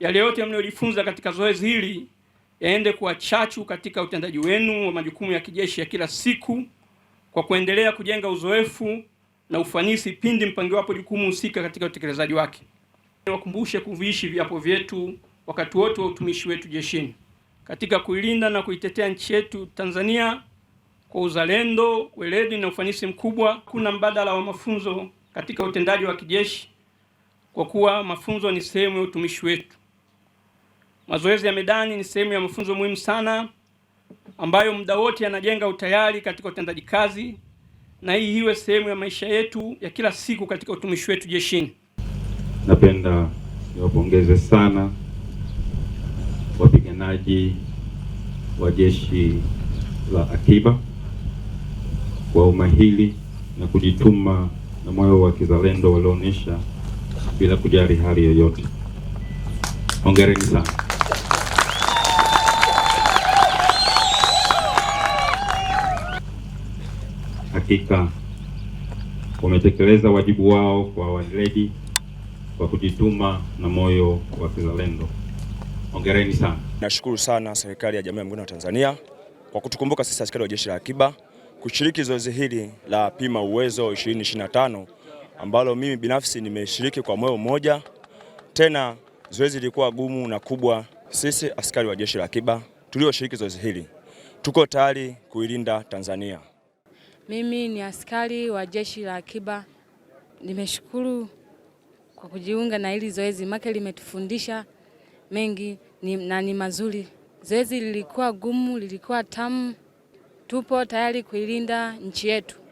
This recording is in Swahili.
yale yote mnayojifunza katika zoezi hili yaende kuwa chachu katika utendaji wenu wa majukumu ya kijeshi ya kila siku, kwa kuendelea kujenga uzoefu na ufanisi pindi mpangiwapo jukumu husika katika utekelezaji wake. Niwakumbushe kuviishi viapo vyetu wakati wote wa utumishi wetu jeshini katika kuilinda na kuitetea nchi yetu Tanzania kwa uzalendo, weledi na ufanisi mkubwa. Kuna mbadala wa mafunzo katika utendaji wa kijeshi, kwa kuwa mafunzo ni sehemu ya utumishi wetu. Mazoezi ya medani ni sehemu ya mafunzo muhimu sana ambayo muda wote yanajenga utayari katika utendaji kazi, na hii iwe sehemu ya maisha yetu ya kila siku katika utumishi wetu jeshini. Napenda niwapongeze sana wapiganaji wa jeshi la akiba kwa umahili na kujituma na moyo wa kizalendo walioonyesha bila kujali hali yoyote. Hongereni sana. hakika wametekeleza wajibu wao kwa weledi, kwa kujituma na moyo wa kizalendo. Hongereni sana. Nashukuru sana serikali ya Jamhuri ya Muungano wa Tanzania kwa kutukumbuka sisi askari wa Jeshi la Akiba kushiriki zoezi hili la Pima Uwezo 2025 ambalo mimi binafsi nimeshiriki kwa moyo mmoja. Tena zoezi lilikuwa gumu na kubwa. Sisi askari wa Jeshi la Akiba tulioshiriki zoezi hili tuko tayari kuilinda Tanzania. Mimi ni askari wa jeshi la akiba. Nimeshukuru kwa kujiunga na hili zoezi, make limetufundisha mengi ni, na ni mazuri. Zoezi lilikuwa gumu, lilikuwa tamu. Tupo tayari kuilinda nchi yetu.